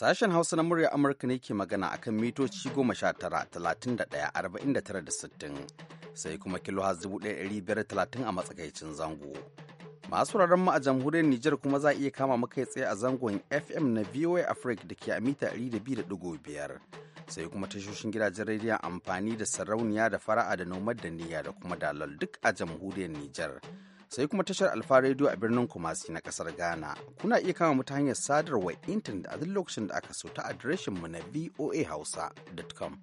Sashen Hausa na murya Amurka ne ke magana a kan mitoci goma sha tara, talatin da ɗaya, arba'in da tara da sittin, sai kuma kilo dubu ɗaya ɗari biyar talatin a matsakaicin zango. Masu wuraren mu a jamhuriyar Nijar kuma za a iya kama makai tsaye a zangon FM na VOA Africa da ke a mita ɗari biyar. Sai kuma tashoshin gidajen rediyon amfani da sarauniya da fara'a da nomad da niyya da kuma dalal duk a jamhuriyar Nijar. sai kuma tashar Alfa Radio a birnin Kumasi na kasar Ghana. Kuna iya kama mu ta hanyar sadarwa intanet a duk lokacin da aka so ta adireshin mu na hausa.com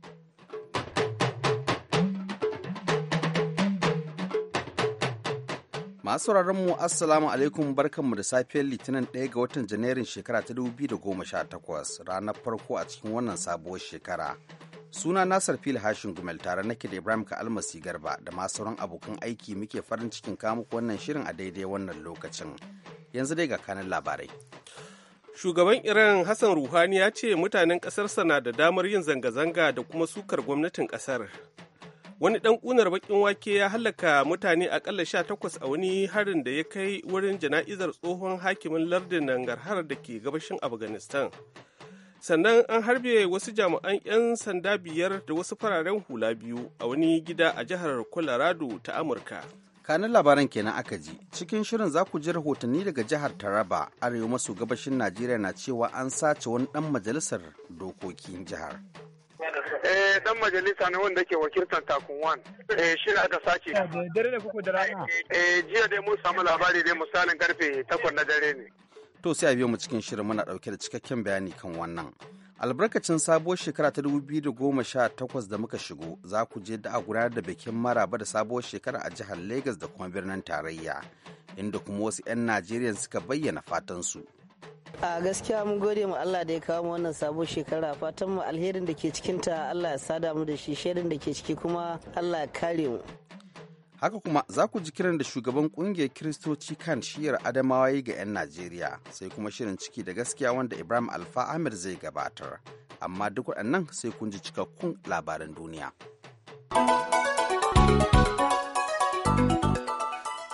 Masu mu Assalamu alaikum barkanmu da safiyar Litinin 1 ga watan Janairun shekara ta 2018 ranar farko a cikin wannan sabuwar shekara. Suna Nasar Fil Hashin Gumel tare nake da Ibrahim ka Almasi Garba da masu sauran abokan aiki muke farin cikin muku wannan shirin a daidai wannan lokacin. Yanzu dai ga kanan labarai. Shugaban Iran Hassan Ruhani ya ce mutanen ƙasarsa na da damar yin zanga-zanga da kuma sukar gwamnatin ƙasar. wani ɗan ƙunar baƙin wake ya halaka mutane akalla sha takwas a wani harin da ya kai wurin jana'izar tsohon hakimin lardin nangarhar da ke gabashin afghanistan sannan an harbe wasu jami'an 'yan sanda biyar da wasu fararen hula biyu a wani gida a jihar colorado ta amurka kanin labaran kenan aka ji cikin shirin za ku ji rahotanni daga jihar taraba arewa maso gabashin najeriya na cewa an sace wani ɗan majalisar dokokin jihar Eh dan majalisa ne wanda ke wakiltar takunwan. Eh shi ne aka sace. Dare da kuku da rana. Eh jiya dai mun samu labari dai misalin karfe 8 na dare ne. To sai a biyo mu cikin shirin muna dauke da cikakken bayani kan wannan. albarkacin sabuwar shekara ta 2018 da muka shigo za ku je da a gudanar da bikin maraba da sabuwar shekara a jihar Legas da kuma birnin tarayya inda kuma wasu 'yan Najeriya suka bayyana fatansu a gaskiya mun gode mu Allah da ya kawo mu wannan sabo shekara fatan mu alherin da ke cikin ta Allah ya sada mu da shi shirin da ke ciki kuma Allah ya kare mu haka kuma za ku ji kiran da shugaban kungiyar kiristoci kan shiyar adamawa ga 'yan najeriya sai kuma shirin ciki da gaskiya wanda ibrahim alfa amir zai gabatar amma duk waɗannan sai kun ji cikakkun labaran duniya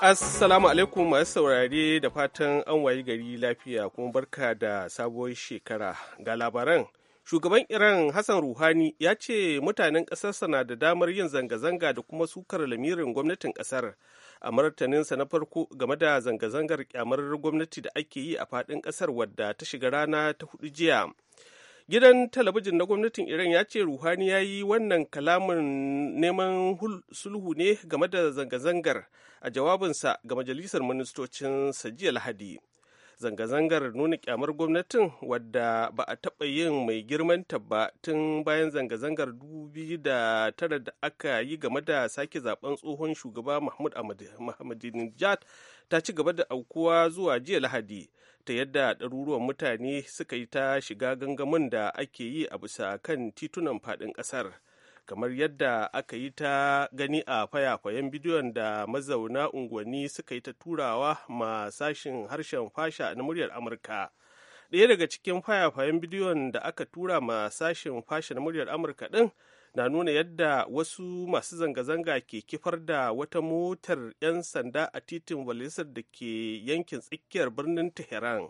Assalamu alaikum masu saurare da fatan an wayi gari lafiya kuma barka da sabuwar shekara ga labaran. Shugaban Iran Hassan Ruhani ya ce mutanen ƙasarsa na da damar yin zanga-zanga da kuma sukar lamirin gwamnatin ƙasar a martaninsa na farko game da zanga-zangar kyamar gwamnati da ake yi a faɗin ƙasar wadda ta shiga rana ta hudu jiya. gidan talabijin na gwamnatin iran ya ce ruhani ya yi wannan kalamin neman sulhu ne game da zanga-zangar a jawabinsa ga majalisar ministocin jiya lahadi zanga-zangar nuna kyamar gwamnatin wadda ba a taɓa yin mai girman ba tun bayan zanga-zangar dubi da da aka yi game da sake zaben tsohon shugaba mahmud ahmadinejad ta ci gaba da aukuwa zuwa jiya lahadi ta yadda ɗaruruwan mutane suka yi ta shiga gangamin da ake yi a bisa kan titunan faɗin ƙasar kamar yadda aka yi ta gani a fayafayen bidiyon da mazauna unguwanni suka yi ta turawa ma sashin harshen fasha na muryar amurka ɗaya daga cikin fayafayen bidiyon da aka tura ma sashin fasha na muryar amurka ɗin na nuna yadda wasu masu zanga-zanga ke kifar da wata motar 'yan sanda a titin walisar da ke yankin tsakiyar birnin tehran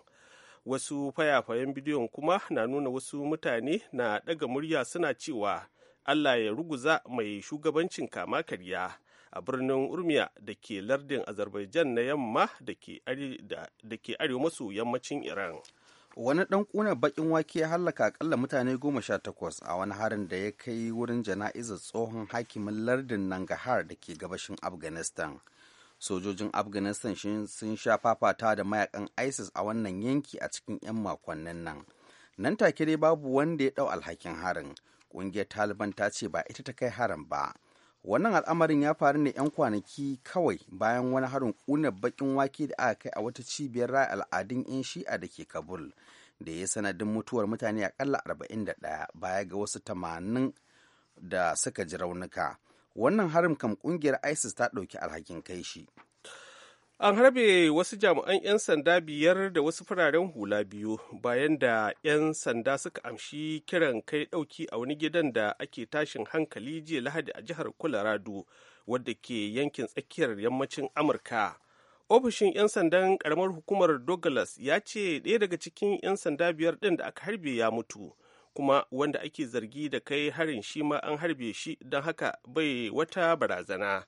wasu fayafayen bidiyon kuma na nuna wasu mutane na ɗaga murya suna cewa allah ya ruguza mai shugabancin kama karya a birnin urmiya da ke lardin azerbaijan na yamma da ke arewa maso yammacin iran wani ɗan ƙunar baƙin wake ya hallaka akalla mutane goma sha takwas a wani harin da ya kai wurin jana'izar tsohon hakimin lardin nangahar da ke gabashin afghanistan sojojin afghanistan sun sha fafata da mayakan isis a wannan yanki a cikin 'yan makonnin nan nan take dai babu wanda ya ɗau alhakin harin ƙungiyar taliban ta ce ba ita ta kai harin ba wannan al'amarin ya faru ne 'yan kwanaki kawai bayan wani harin ƙuna bakin wake da aka kai a wata cibiyar raya al'adun 'yan shi'a da ke kabul da ya sanadin mutuwar mutane akalla 41 baya ga wasu 80 da suka ji raunuka wannan harin kam kungiyar isis ta ɗauki alhakin kai shi an harbe wasu jami'an 'yan sanda biyar da wasu fararen hula biyu bayan da 'yan sanda suka amshi kiran kai ɗauki a wani gidan da ake tashin hankali jiya lahadi a jihar colorado wadda ke yankin tsakiyar yammacin amurka ofishin 'yan sandan karamar hukumar douglas ya ce ɗaya daga cikin 'yan sanda biyar ɗin da aka harbe ya mutu kuma wanda ake zargi da kai harin shi ma an harbe shi don haka bai wata barazana.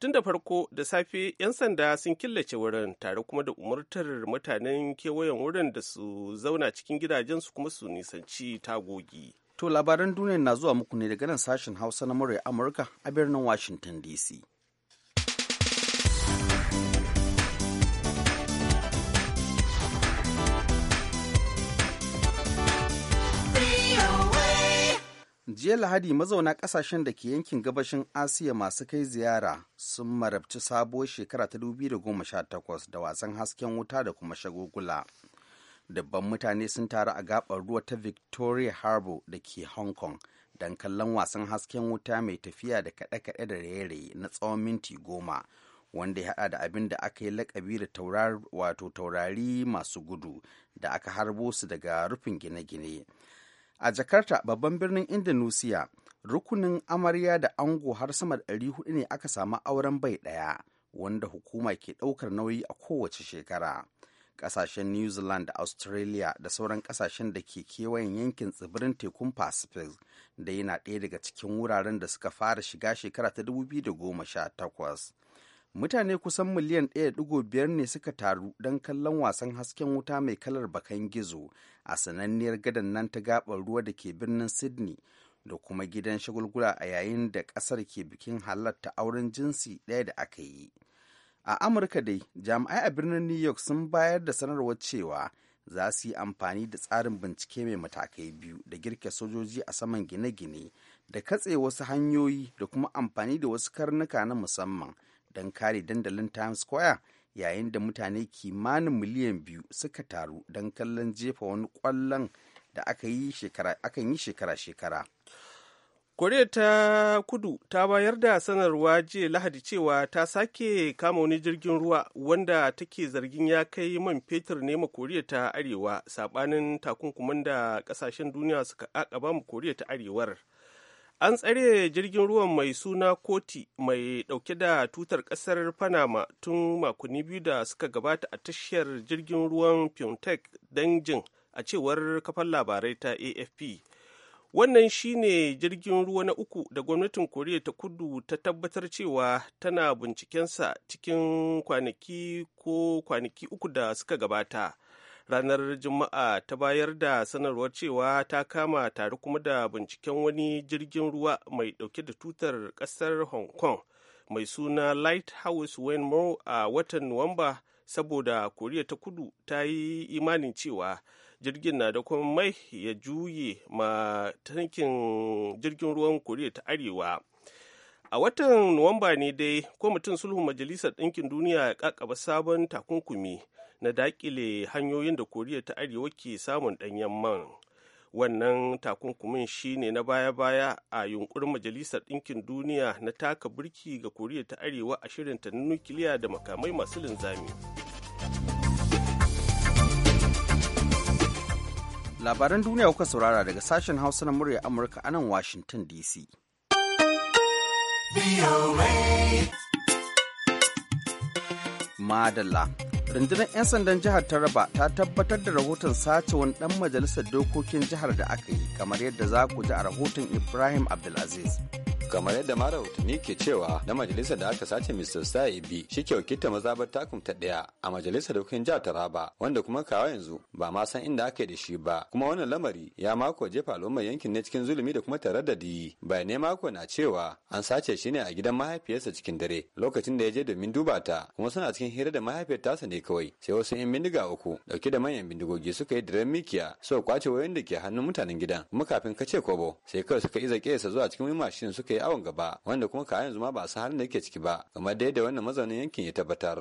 tun da farko da safe 'yan sanda sun killace wurin tare kuma da umartar mutanen kewayen wurin da su zauna cikin gidajensu kuma su nisanci tagogi to labaran duniya na zuwa muku ne daga nan sashen hausa na murya amurka a birnin washington dc jiya lahadi mazauna kasashen da ke yankin gabashin asiya masu kai ziyara sun marabci sabuwar shekara ta 2018 da wasan hasken wuta da kuma shagugula dabban mutane sun taru a gabar ruwa ta victoria harbour da ke hong kong don kallon wasan hasken wuta mai tafiya da kaɗe-kaɗe da raye-raye na tsawon minti goma wanda ya haɗa da abin da aka yi lakabi da wato taurari masu gudu da aka harbo su daga rufin gine-gine a jakarta babban birnin indonesia rukunin amarya da ango har sama da 400 ne aka samu auren bai daya, wanda hukuma ke daukar nauyi a kowace shekara kasashen new zealand da australia da sauran kasashen da ke kewayen yankin tsibirin tekun pacific da yana ɗaya daga cikin wuraren da suka fara shiga shekara ta 2018 mutane kusan miliyan 1.5 ne suka taru don kallon wasan hasken wuta mai kalar bakan gizo a sananniyar gadan nan ta gabar ruwa da ke birnin sydney da kuma gidan shagulgula a yayin da kasar ke bikin halatta auren jinsi ɗaya da aka yi a amurka dai jami'ai a birnin new york sun bayar da sanarwar cewa za su yi amfani da tsarin bincike mai matakai biyu da girke sojoji a saman gine-gine da katse wasu hanyoyi da kuma amfani da wasu karnuka na musamman don kare dandalin Times Square yayin da mutane kimanin miliyan biyu suka taru don kallon jefa wani kwallon da aka yi shekara-shekara. Koriya ta kudu ta bayar da sanarwa jiya lahadi cewa ta sake kama wani jirgin ruwa wanda take zargin ya kai man fetur ne ma Koriya ta Arewa sabanin takunkuman da kasashen duniya suka akaba ma Koriya ta Arewar. an tsare jirgin ruwan mai suna koti mai dauke da tutar kasar panama tun makonni biyu da suka gabata a tashar jirgin ruwan pyontech danjin a cewar kafar labarai ta afp wannan shine jirgin ruwa na uku da gwamnatin koriya ta kudu ta tabbatar cewa tana bincikensa cikin kwanaki ko kwanaki uku da suka gabata ranar juma'a ta bayar da sanarwar cewa ta kama tare kuma da binciken wani jirgin ruwa mai dauke da tutar kasar hong kong mai suna lighthouse wenmo a watan nuwamba saboda koriya ta kudu ta yi imanin cewa jirgin na da kuma mai ya juye ma tankin jirgin ruwan koriya ta arewa a watan nuwamba ne dai kwamitin sulhun majalisar ɗinkin duniya ya kakaba sabon takunkumi na dakile hanyoyin da koriya ta arewa ke samun ɗanyen man wannan takunkumin shine na baya-baya a yunkurin majalisar ɗinkin duniya na taka birki ga koriya ta arewa a shirinta na nukiliya da makamai masu linzami labaran duniya kuka saurara daga sashen hausa na murya amurka a nan washington dc madalla rundunar 'yan sandan jihar taraba ta tabbatar da rahoton sace wani dan majalisar dokokin jihar da aka yi kamar yadda za ku ji a rahoton ibrahim abdulaziz kamar yadda mara rahotanni ke cewa na majalisar da aka sace mr sa'ibi shi ke wakilta mazabar takum ta ɗaya a majalisar dokokin jihar taraba wanda kuma kawo yanzu ba ma san inda aka yi da shi ba kuma wannan lamari ya mako jefa al'ummar yankin ne cikin zulumi da kuma tare da diyi bayanai mako na cewa an sace shi ne a gidan mahaifiyarsa cikin dare lokacin da ya je domin duba ta kuma suna cikin hira da mahaifiyar tasa ne kawai sai wasu yan bindiga uku dauke da manyan bindigogi suka yi diren mikiya suka kwace wayoyin da ke hannun mutanen gidan kuma kafin kace kobo sai kawai suka iza kesa zuwa cikin mashin suka yi awon gaba wanda kuma kayan zuma ba a san halin da yake ciki ba kamar da yadda wannan mazaunin yankin ya tabbatar.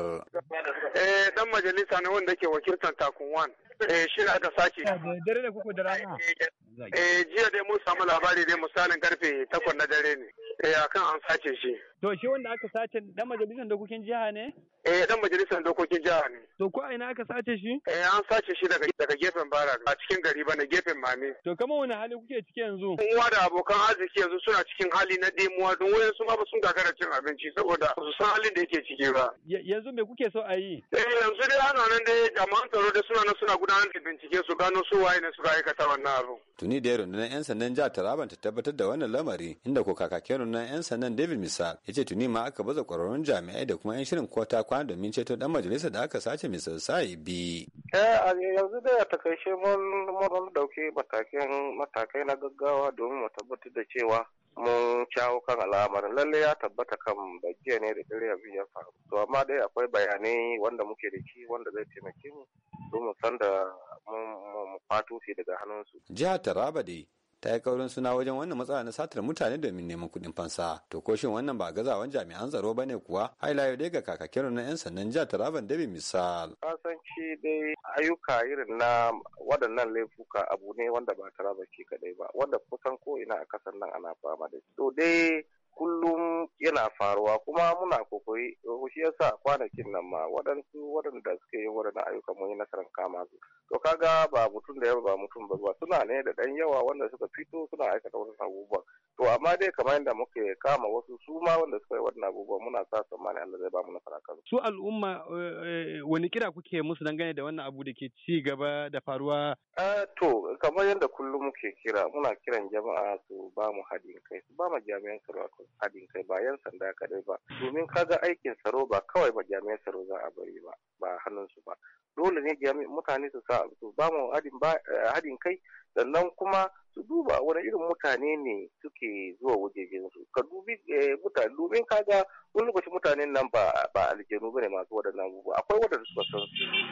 Eh dan majalisa ne wanda ke wakiltar wan. Eh shi ne aka sake. Dare da kuku da rana. Eh jiya dai mun samu labari dai misalin karfe takwas na dare ne. Eh akan an sace shi. To shi wanda aka sace dan majalisar dokokin jiha ne? Eh dan majalisar dokokin jiha ne. To ko a ina aka sace shi? Eh an sace shi daga daga gefen bara a cikin gari ba na gefen mame. To kamar wani hali kuke ciki yanzu? Uwa da abokan arziki yanzu suna cikin hali na demuwa don wayan su ma ba sun gagara cin abinci saboda su san halin da yake ciki ba. Yanzu me kuke so a yi? Eh yanzu dai ana nan dai jama'an tsaro da suna nan suna gudanar da bincike su gano su waye ne suka aikata wannan abu. Tuni da rundunar 'yan sandan jihar Taraban ta tabbatar da wannan lamari inda ko kakakin rundunar 'yan sandan David Misal ita tuni ma aka baza kwararrun jami'ai da kuma 'yan shirin kota kwana domin ceto dan majalisa da aka sace mai bi. Eh, a yanzu dai a takaice mun dauki matakai na gaggawa domin mu tabbatar da cewa mun cawo kan al'amarin lalle ya tabbata kan bajiya ne da dare abin ya faru to amma dai akwai bayanai wanda muke da shi wanda zai taimake mu domin mu san da mu daga hannunsu jihar taraba dai ta yi kaurin suna wajen wannan matsala na satar mutane domin neman kuɗin fansa to ko shin wannan ba gazawan jami'an tsaro ba ne kuwa haila yau dai ga kakakin na 'yan sannan jihar taraban dabi misal. kasanci dai ayyuka irin na waɗannan laifuka abu ne wanda ba taraba ce kaɗai ba wanda kusan ko ina a kasar nan ana fama da shi to dai kullum yana faruwa kuma muna kokari eh, shi yasa kwanakin nan ma waɗansu waɗanda suke yin waɗannan ayyukan mun yi nasarar kama su to kaga ba mutum da yawa ba mutum ba suna ne da ɗan yawa wanda suka fito suna aikata waɗannan abubuwan to amma dai kamar yadda muke kama wasu su ma wanda suka yi wannan abubuwa muna sa tsammani Allah zai ba mu nasara kan su al'umma eh, eh, wani kira kuke musu dangane da wannan abu da ke ci gaba da faruwa eh, to kamar yadda kullum muke kira muna kiran jama'a su ba mu haɗin kai su ba mu jami'an tsaro haɗin kai ba yan sanda kadai ba domin kaga aikin tsaro ba kawai ba jami'an tsaro za a bari ba ba hannun su ba dole ne mutane su sa su ba mu haɗin kai sannan kuma su duba wani irin mutane ne suke zuwa wajejen su ka dubi eh, mutane domin kaga wani lokaci mutanen nan ba ba aljanu bane masu waɗannan abubuwa akwai wanda su san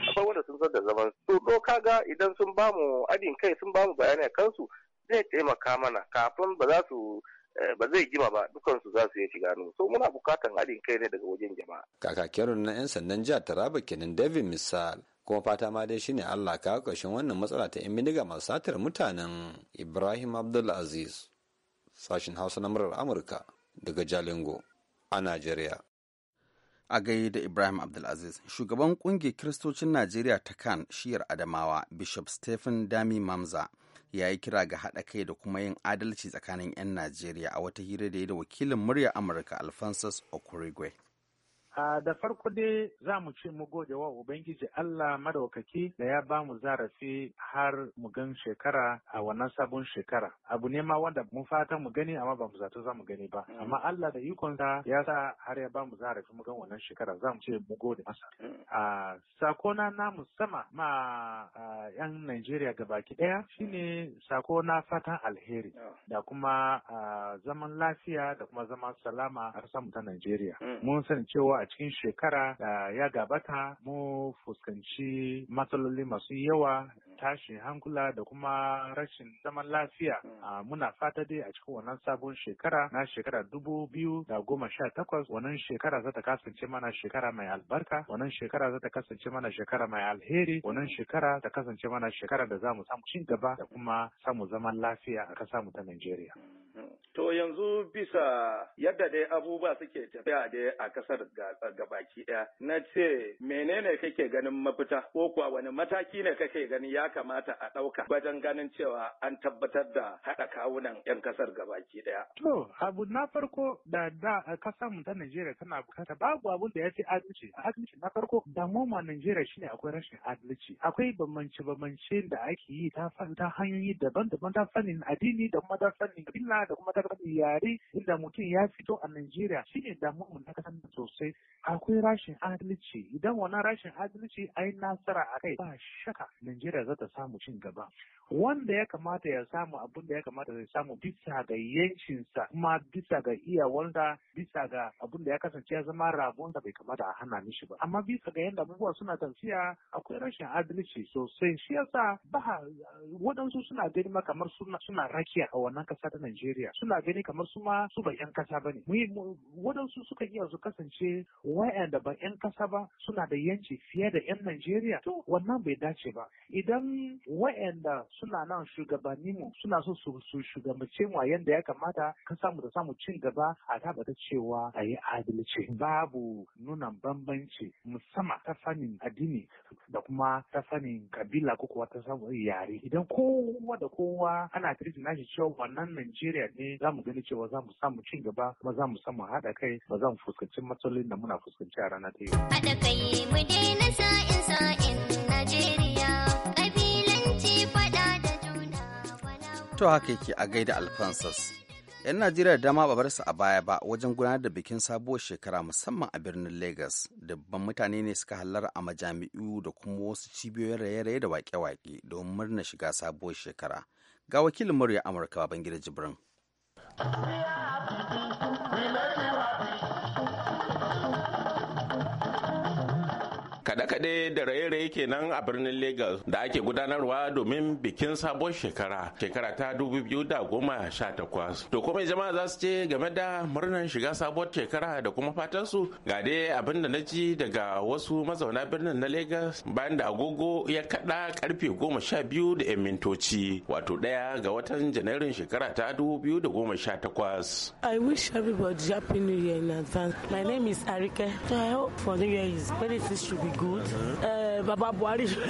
akwai wanda sun san da zaman to to kaga idan sun bamu adin kai sun bamu bayani a su zai taimaka mana kafin ba za su eh, ba zai gima ba dukansu za su iya shiga nan so muna bukatan haɗin kai ne daga wajen jama'a kakakiyar na 'yan sandan jihar taraba kenan david misal kuma fata ma dai shine Allah ka kashin wannan matsala ta yan bindiga masu satar mutanen Ibrahim Aziz sashin Hausa na murar Amurka daga Jalingo a Najeriya. A gai da Ibrahim Abdulaziz, shugaban kungiyar Kiristocin Najeriya ta kan shiyar Adamawa, Bishop Stephen Dami Mamza, ya yi kira ga haɗa kai da kuma yin adalci tsakanin 'yan Najeriya a wata hira da ya da wakilin murya Amurka Alphonsus Okurigwe. Da farko dai za mu ce mu gode wa Ubangiji Allah madaukaki da ya ba mu zarafi har mu gan shekara a wannan sabon shekara. Abu ne ma wanda mun fata mu gani amma ba mu zato za mu gani ba. Mm. Amma Allah da ikonsa ya sa har ya ba mu zarafi mu gan wannan shekara za mu ce mu gode masa. Mm. A sako na sama ma yan Najeriya gabaki ɗaya shine sako na fatan alheri mm. da kuma zaman lafiya da kuma zaman salama a ƙasar ta Najeriya. Mun san cewa a cikin shekara da ya gabata mu fuskanci matsaloli masu yawa tashin hankula da kuma rashin zaman lafiya a muna fata dai a cikin wannan sabon shekara na shekara dubu biyu da goma sha takwas wannan shekara za ta kasance mana shekara mai albarka wannan shekara za ta kasance mana shekara mai alheri wannan shekara ta kasance mana shekara da za mu samu ci gaba da kuma samu zaman lafiya a ƙasa mu ta Najeriya. To yanzu bisa yadda dai abubuwa suke tafiya dai a kasar gabaki ɗaya, na ce menene kake ganin mafita ko kuwa wani mataki ne kake gani ya kamata a ɗauka wajen ganin cewa an tabbatar da haɗa kawunan 'yan kasar gabaki ɗaya. To abu na farko da da kasar mu ta Najeriya tana bukata babu abun da ya fi adalci. Adalci na farko da ma Najeriya shine akwai rashin adalci. Akwai bambance-bambance da ake yi ta hanyoyi daban-daban ta fannin addini da kuma ta fannin kabila da kuma aka rabu yare inda mutum ya fito a Najeriya Shi shine damuwa na kasar sosai akwai rashin adalci idan wannan rashin adalci yi nasara a kai ba shaka Najeriya za ta samu cin gaba wanda ya kamata ya samu abin da ya kamata ya samu bisa ga yancinsa kuma bisa ga iya wanda, bisa ga abin da ya kasance ya zama rabon da bai kamata a hana mishi ba amma bisa ga yadda abubuwa suna tafiya akwai rashin adalci sosai shi yasa ba waɗansu suna ganin kamar suna rakiya a wannan ƙasa ta Najeriya suna Allah gani kamar su ma su ba 'yan kasa ba ne. Waɗansu suka iya su kasance wa'yanda ba 'yan kasa ba suna da yanci fiye da 'yan Najeriya. To wannan bai dace ba. Idan wa'yanda suna nan shugabanni mu suna so su shugabance mu a yanda ya kamata ka samu da samu cin gaba a tabbata cewa a yi adalci. Babu nuna bambanci musamman ta fannin addini da kuma ta fannin kabila ko kuwa ta samu yare. Idan kowa da kowa ana tirji nashi cewa wannan Najeriya ne za mu gani cewa za mu samu ci gaba kuma za mu samu haɗa kai ba za mu fuskanci matsalolin da muna fuskanci a rana ta yau. Haɗa kai mu daina sa'in sa'in Najeriya. To haka yake a gaida Alphonsus. 'Yan Najeriya da dama ba su a baya ba wajen gudanar da bikin sabuwar shekara musamman a birnin Legas. Dabban mutane ne suka hallara a majami'u da kuma wasu cibiyoyin raye-raye da waƙe-waƙe don murna shiga sabuwar shekara. Ga wakilin murya Amurka Babangida Jibrin. We make you happy. kaɗe da raye-raye kenan a birnin Legas da ake gudanarwa domin bikin sabon shekara shekara ta takwas. To kuma jama'a za su ce game da murnar shiga sabon shekara da kuma fatan su ga dai abin da na ji daga wasu mazauna birnin na Legas bayan da agogo ya kaɗa karfe goma sha biyu da 'yan mintoci wato ɗaya ga watan janairun shekara ta takwas. I wish everybody happy new year in advance. My name is Arike. I hope for the year is, should be good. Eh, Baba Buhari should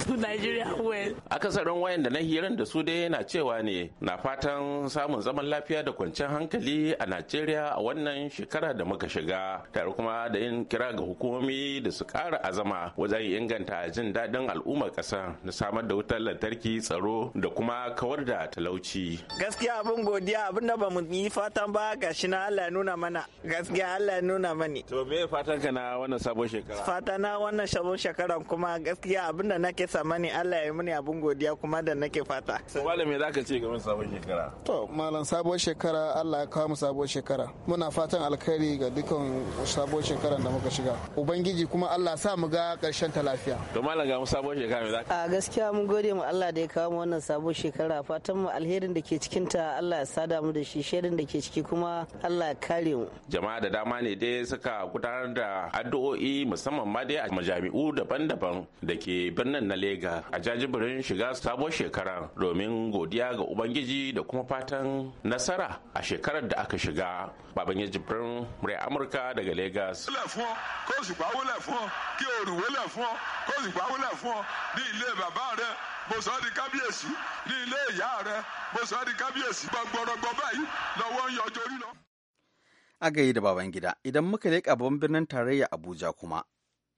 to Nigeria well. Akasarin wayan da na hirar da su dai na cewa ne na fatan samun zaman lafiya da kwanciyar hankali a Najeriya a wannan shekara da muka shiga tare kuma da yin kira ga hukumomi da su ƙara azama wajen inganta jin daɗin al'ummar ƙasa da samar da wutar lantarki tsaro da kuma kawar da talauci. Gaskiya abin godiya abin da ba mu yi fatan ba ga shi na Allah ya nuna mana gaskiya Allah ya nuna mani. To me fatan ka na wannan sabon shekara? Fata na na wannan shabon shekaran kuma gaskiya abinda nake samani Allah ya muni abin godiya kuma da nake fata. Wale me zaka ce game sabon shekara? To malam sabon shekara Allah ya kawo mu sabon shekara. Muna fatan alkhairi ga dukkan sabon shekaran da muka shiga. Ubangiji kuma Allah sa mu ga karshen ta lafiya. To malam ga mu sabon shekara me zaka? A gaskiya mun gode mu Allah da ya kawo mu wannan sabon shekara fatan mu alherin da ke cikin ta Allah ya sada mu da shi sherin da ke ciki kuma Allah ya kare mu. Jama'a da dama ne dai suka gudanar da addu'o'i musamman ma dai a majami'u daban-daban da ke birnin na lega a jajibirin shiga sabon shekara domin godiya ga ubangiji da kuma fatan nasara a shekarar da aka shiga baban yajibirin murai amurka daga lagos mo sọ di kábíyèsí ní ilé ìyá rẹ mo sọ di kábíyèsí báyìí ń yọjọ lọ. a gayi da babangida gida idan muka leƙa babban birnin tarayya abuja kuma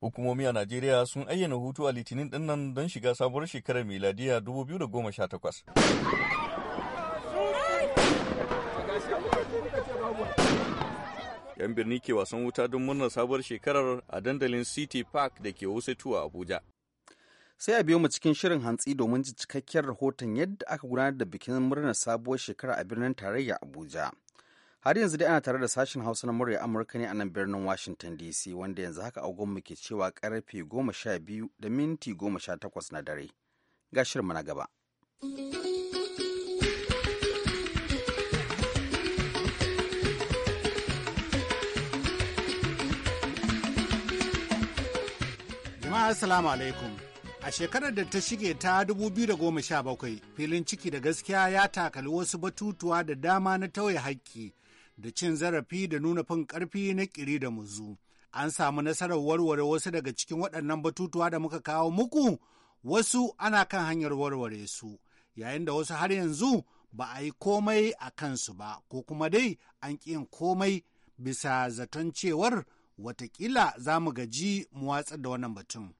Hukumomi a Najeriya sun ayyana hutu a Litinin dinnan don shiga sabuwar shekarar miladiya 2018. Yan birni ke wasan wuta don murnar sabuwar shekarar a dandalin City Park da ke a Abuja. Sai a biyo mu cikin shirin hantsi domin cikakken rahoton yadda aka gudanar da bikin murnar sabuwar shekara a birnin tarayya Abuja. har yanzu dai ana tare da sashen hausa na murya amurka ne a nan birnin washington dc wanda yanzu haka agonmu ke cewa karfe goma da minti goma sha takwas na dare ga shirma na gaba jama'a assalamu alaikum A shekarar da ta shige ta 2017 filin ciki da gaskiya ya takali wasu batutuwa da dama na tauye haƙƙi da cin zarafi da nuna fin ƙarfi na ƙiri da muzu. An samu nasarar warware wasu daga cikin waɗannan batutuwa da muka kawo muku, wasu ana kan hanyar warware su, yayin da wasu har yanzu ba a yi komai a kansu ba, ko kuma dai an ƙi komai bisa zaton cewar watakila za mu gaji mu watsar da wannan batun.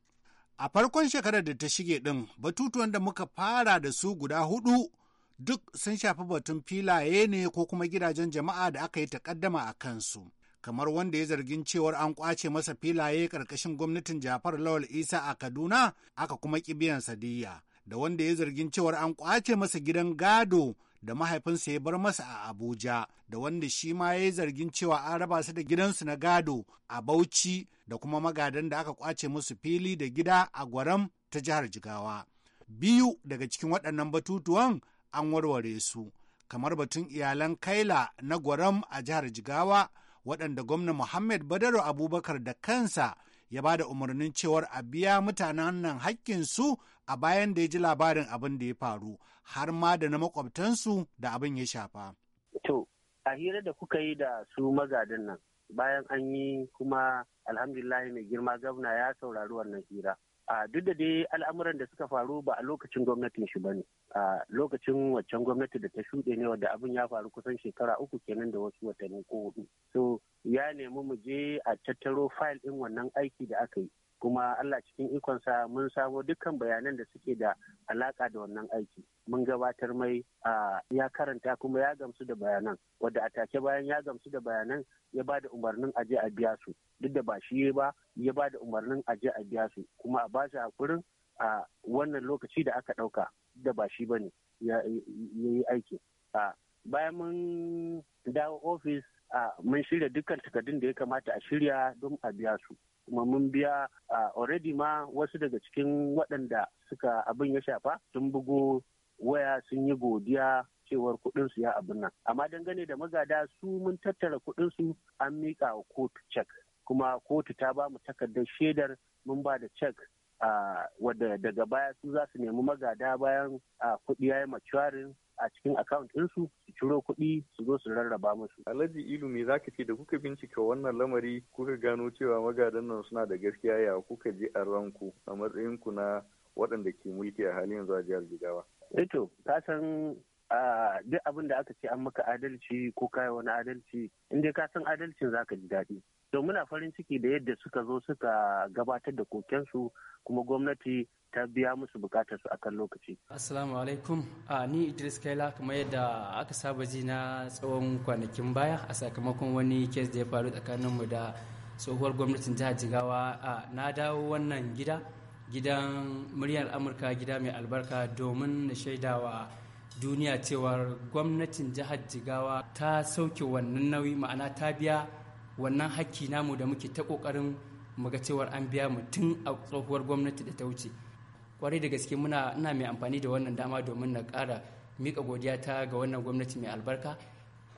A farkon shekarar da ta shige ɗin, batutuwan da muka fara da su guda huɗu. duk sun shafi batun filaye ne ko kuma gidajen jama'a da aka yi takaddama a kansu. Kamar wanda ya zargin cewar an kwace masa filaye ƙarƙashin gwamnatin Jafar Lawal Isa a Kaduna aka kuma ƙibiyan sadiya Da wanda ya zargin cewar an kwace masa gidan gado da mahaifinsa ya bar masa a Abuja, da wanda shi ma ya yi zargin cewa an raba su da gidansu na gado a Bauchi da kuma magadan da aka kwace musu fili da gida a Gwaram ta jihar Jigawa. Biyu daga cikin waɗannan batutuwan an warware su kamar batun iyalan kaila na gwaram a jihar jigawa waɗanda gwamna muhammad badaru abubakar da kansa ya ba da umarnin cewar a biya mutanen nan hakkinsu a bayan da ya ji labarin abin da ya faru har ma da na makwabtansu da abin ya shafa. To, a hira da kuka yi da su magadin nan bayan an yi kuma alhamdulillah mai girma gwamna ya saurari wannan hira. duk da dai al'amuran da suka faru ba a lokacin gwamnatin shi ba ne a lokacin waccan gwamnati da ta shuɗe ne wadda abin ya faru kusan shekara uku kenan da wasu watanni ko hudu so ya nemi mu je a tattaro fayil ɗin wannan aiki da aka yi kuma Allah cikin ikonsa mun samo dukkan bayanan da suke da alaka da wannan aiki mun gabatar mai ya karanta kuma ya gamsu da bayanan wadda a take bayan ya gamsu da bayanan ya ba da umarnin aje a biya su duk da ba shi ba ya ba da umarnin aje a biya su kuma a ba su a wannan lokaci da aka ɗauka da ba shi ba ne ya yi aiki bayan mun dawo ofis mun shirya dukkan takardun da ya kamata a shirya don a biya su kuma mun biya already ma wasu daga cikin waɗanda suka abin ya shafa sun bugu waya sun yi godiya cewar kuɗinsu ya abin nan amma dangane da magada su mun tattara kuɗinsu an miƙa wa kotu cek kuma kotu ta ba mu takardar shaidar mun ba da cek wadda daga baya su za su nemi magada bayan kuɗi ya yi maturin a cikin account ɗinsu su ciro kuɗi su zo su rarraba musu. Alhaji Ilu me za ka ce da kuka bincika wannan lamari kuka gano cewa magadan nan suna da gaskiya ya kuka je a ranku a matsayinku na waɗanda ke mulki a halin yanzu a jihar Jigawa. Eto, eh ka san duk abin da aka ce an maka adalci ko kai wani adalci inda ka san adalcin za ka ji daɗi. To muna farin ciki da yadda suka zo suka gabatar da kokensu kuma gwamnati ta biya musu bukatar su akan lokaci. Assalamu alaikum. A ni Idris Kaila kamar yadda aka saba ji na tsawon kwanakin baya a sakamakon wani kes da ya faru tsakanin mu da tsohuwar gwamnatin jihar Jigawa a na dawo wannan gida gidan muryar Amurka gida mai albarka domin na shaidawa duniya cewar gwamnatin jihar Jigawa ta sauke wannan nauyi ma'ana ta biya wannan hakki namu da muke ta kokarin muga cewar an biya mu tun a tsohuwar gwamnati da ta wuce kwarai da gaske muna ina mai amfani da wannan dama domin na kara mika godiya ta ga wannan gwamnati mai albarka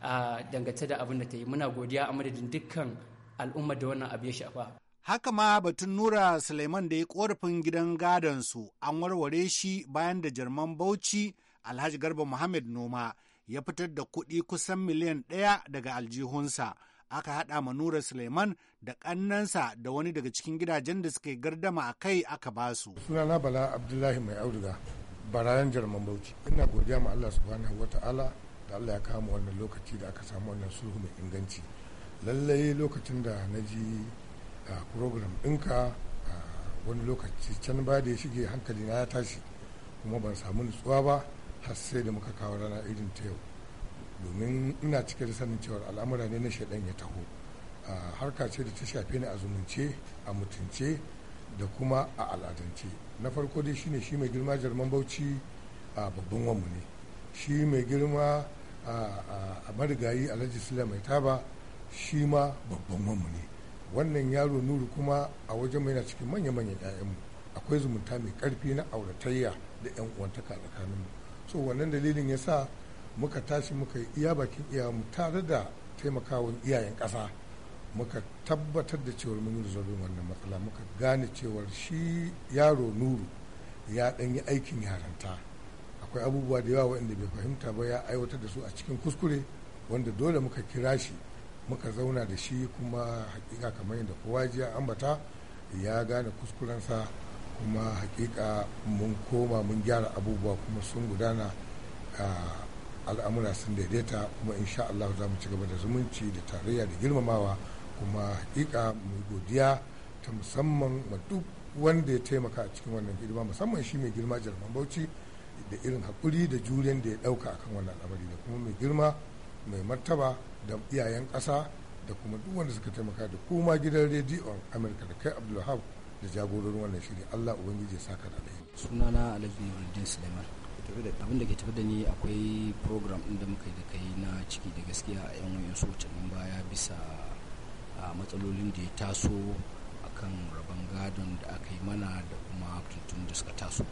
a dangace da abin da ta yi muna godiya a madadin dukkan al'ummar da wannan abu ya shafa haka ma batun nura suleiman da ya korafin gidan gadon su an warware shi bayan da jarman bauchi alhaji garba muhammad noma ya fitar da kuɗi kusan miliyan ɗaya daga aljihunsa aka haɗa nura suleiman da ƙannansa da wani daga cikin gidajen da suke gardama a kai aka ba su sunana bala abdullahi mai auduga barayan jarman bauchi ina godiya ma allah subhanahu wa ta'ala da allah ya kama wannan lokaci da aka samu wannan sulhu mai inganci lallai lokacin da na ji a program ɗinka wani lokaci can ba da ya shige hankali na ya tashi kuma ban samu nutsuwa ba har sai da muka kawo rana irin ta yau domin ina cike da sanin cewar al'amura ne na shaidan ya taho harka ce da ta shafe ni a zumunce a mutunce da kuma a al'adance na farko dai shine shi mai girma jarman bauchi a babban wanmu ne shi mai girma a marigayi alhaji sila mai taba shi ma babban wanmu ne wannan yaro nuru kuma a wajen mai na cikin manya-manyan 'ya'yanmu akwai zumunta mai karfi na auratayya da 'yan uwantaka tsakaninmu so wannan dalilin ya sa muka tashi muka yi iya bakin mu tare da taimakawan iyayen ƙasa muka tabbatar da cewar mun zobin wannan matsala muka gane cewar shi yaro nuru ya ɗan yi aikin yaranta akwai abubuwa da yawa waɗanda bai fahimta ba ya aiwatar da su a cikin kuskure wanda dole muka kira shi muka zauna da shi kuma hakika kamar yadda kowa jiya ambata ya gane kuskurensa kuma hakika mun koma mun gyara abubuwa kuma sun gudana ah, al'amura sun daidaita kuma insha Allah za mu ci gaba da zumunci da tarayya da girmamawa kuma hakika mu godiya ta musamman ma duk wanda ya taimaka a cikin wannan girma musamman shi mai girma jalman bauchi da irin hakuri da juriyan da ya ɗauka akan wannan al'amari da kuma mai girma mai martaba da iyayen ƙasa da kuma duk wanda suka taimaka da kuma gidan rediyon amurka da kai abdulhab da jagororin wannan shiri allah ubangiji ya saka da alheri sunana alhaji nuruddin suleiman ke da abin ke tafi da ni akwai program inda da muka yi da kai na ciki da gaskiya a yan wayan watannin baya bisa a matsalolin da ya taso a kan rabon gadon da aka yi mana da kuma tuntun da suka taso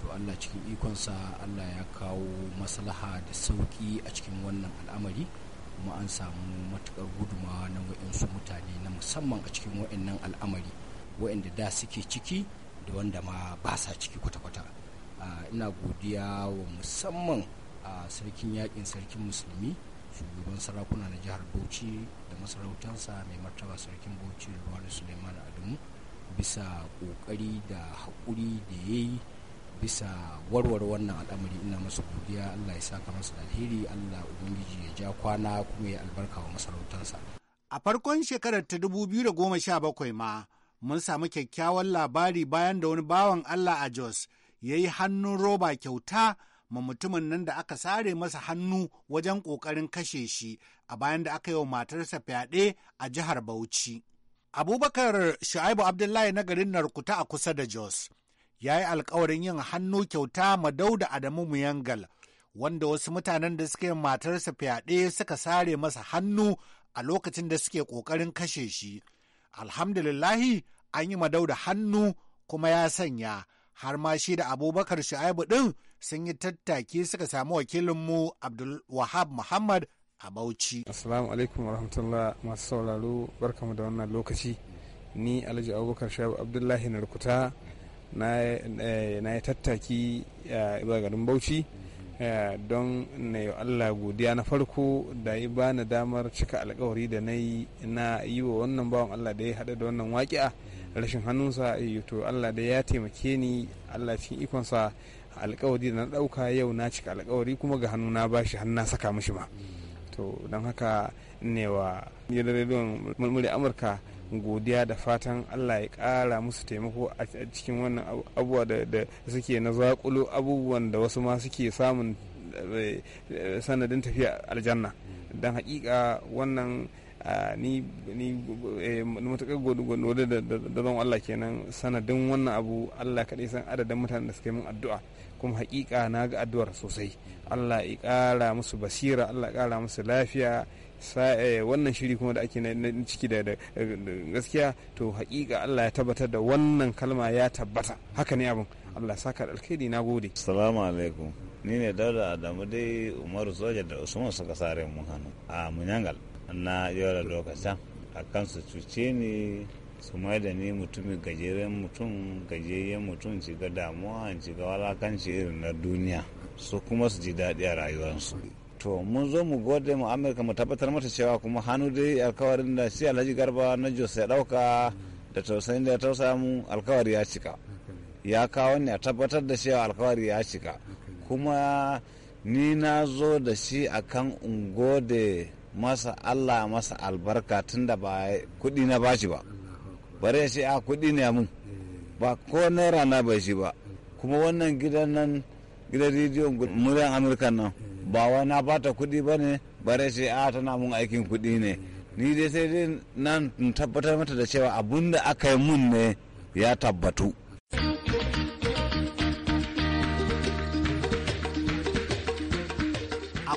to allah cikin ikonsa allah ya kawo maslaha da sauki a cikin wannan al'amari kuma an samu matukar guduma na wa'insu mutane na musamman a cikin wa'annan al'amari da da suke ciki da wanda ma ba sa ciki kwata-kwata ina godiya wa musamman a sarkin yakin sarkin musulmi shugaban sarakuna na jihar bauchi da masarautarsa mai martaba sarkin bauchi ruwan suleiman adamu bisa kokari da haƙuri da ya yi bisa warware wannan al'amari ina masa godiya allah ya saka masa alheri allah ubangiji ya ja kwana kuma ya albarka wa masarautarsa a farkon shekarar ta 2017 ma mun samu kyakkyawan labari bayan da wani bawan allah a jos ya yi hannun roba kyauta ma mutumin nan da aka sare masa hannu wajen ƙoƙarin kashe shi a bayan da aka yi wa matarsa fyaɗe a jihar Bauchi. Abubakar Shu'aibu Abdullahi na garin Narkuta a kusa da Jos ya yi alkawarin yin hannu kyauta ma Dauda Adamu Muyangal wanda wasu mutanen da suke matarsa fyaɗe suka sare masa hannu a lokacin da suke ƙoƙarin kashe shi. Alhamdulillahi an yi ma Dauda hannu kuma ya sanya. har ma shi da abubakar shu'aibu ɗin sun yi tattaki suka samu wakilinmu abdul wahab muhammad a bauchi assalamu alaikum warahmatullah masu sauraro barkamu da wannan lokaci ni alhaji abubakar shu'aibu abdullahi narkuta na eh, yi tattaki eh, a garin bauchi eh, don na yi allah godiya na farko da ya bani damar cika alkawari da na yi na yi wa wannan bawan allah da ya haɗa da wannan waƙi'a rashin hannunsa eh, to Allah da ya taimake ni Allah cikin ikonsa alkawari da na ɗauka yau na cika alkawari kuma ga hannu na bashi har na saka mishi ma to don haka ne wa yadda rediyon murmuri amurka godiya da fatan allah ya kara musu taimako a cikin wannan abubuwa da suke na zakulo abubuwan da wasu ma suke samun eh, sanadin tafiya aljanna don hakika wannan ni ni eh, matuƙar gwado da zan Allah kenan sanadin wannan abu Allah kaɗai san adadin mutanen da suka yi min addu'a kuma haƙiƙa na ga addu'ar sosai Allah ya ƙara musu basira Allah ya ƙara musu lafiya eh, wannan shiri kuma da ake na ciki da gaskiya to haƙiƙa Allah ya tabbatar da wannan kalma ya tabbata haka ne abin Allah saka alkhairi na gode assalamu alaikum ni ne dauda adamu dai umaru soja da usman suka sare mu hannu a munyangal na yawar lokacin a kan su cuce ni su mai da ni mutumin gajeren mutum gajeren mutum shiga damuwa shiga walakanci irin na duniya su kuma su ji daɗi a rayuwarsu to mun zo mu gode mu amurka mu tabbatar mata cewa kuma hannu dai alkawarin da shi alhaji garba na jos ya ɗauka da tausayin da ya tausaya mu alkawari ya cika ya kawo ni a tabbatar da cewa alkawari ya cika kuma ni na zo da shi akan ungode masa Allah masa albarka tun da ba kuɗi na bashi ba bare shi a ah, kuɗi ne mun ba ko naira na bai shi ba kuma wannan gidan nan gidan rediyon muryan amurka nan ba wai na bata kuɗi ba ne bare shi a ah, tana mun aikin kuɗi ne ni dai sai dai nan tabbatar mata da cewa abun da aka yi mun ne ya tabbatu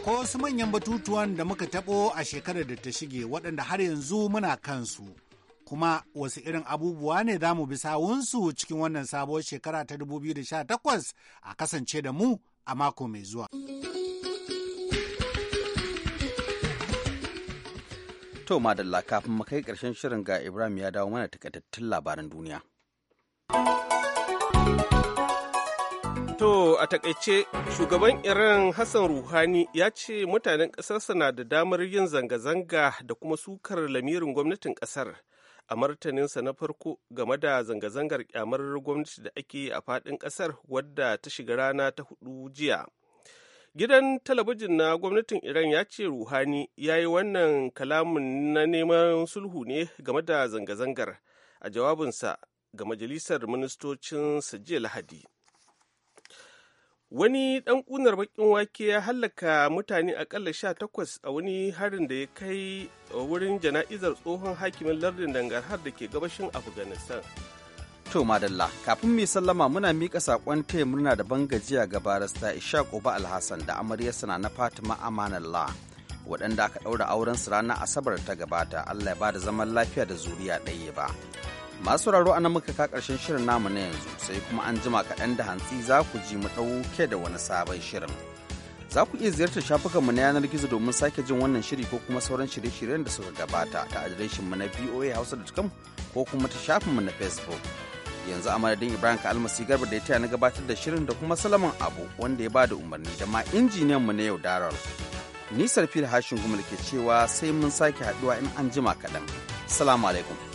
akwai wasu manyan batutuwan da muka taɓo a shekarar da ta shige waɗanda har yanzu muna kansu. Kuma wasu irin abubuwa ne za mu bi sawunsu cikin wannan sabuwar shekara ta 2018 a kasance da mu a mako mai zuwa. To madalla kafin mu kai ƙarshen shirin ga Ibrahim ya dawo mana takaitattun labaran duniya. To a takaice shugaban Iran Hassan Ruhani ya ce mutanen ƙasarsa na da damar yin zanga-zanga da kuma sukar lamirin gwamnatin ƙasar a martaninsa na farko game da zanga-zangar kyamar gwamnati da ake a faɗin ƙasar wadda ta shiga rana ta hudu jiya. Gidan talabijin na gwamnatin Iran ya ce Ruhani ya yi wannan kalamin na neman sulhu ne game da zanga-zangar a jawabinsa ga majalisar ministocin jiya Lahadi. wani ɗan ƙunar baƙin wake ya hallaka mutane aƙalla sha takwas a wani harin da ya kai wurin jana'izar tsohon hakimin lardin dangarhar da ke gabashin afghanistan to madalla kafin mai sallama muna mika saƙon taya murna da gajiya ga barista isha ba alhassan da amaryarsa na fatima amanallah waɗanda aka ɗaura auren su ranar asabar ta gabata allah ya ba da zaman lafiya da zuriya ɗaya ba masu raro a muka ka karshen shirin namu na yanzu sai kuma an jima kaɗan da hantsi za ku ji mu ɗauke da wani sabon shirin za ku iya ziyartar shafukanmu na yanar gizo domin sake jin wannan shiri ko kuma sauran shirye-shiryen da suka gabata ta mu na da tukam ko kuma ta shafinmu na facebook yanzu a madadin ibrahim kalmasi garba da ya taya na gabatar da shirin da kuma salaman abu wanda ya ba da umarni da ma injiniyanmu na yau darar nisar fil hashin gumal ke cewa sai mun sake haɗuwa in an jima kaɗan salamu alaikum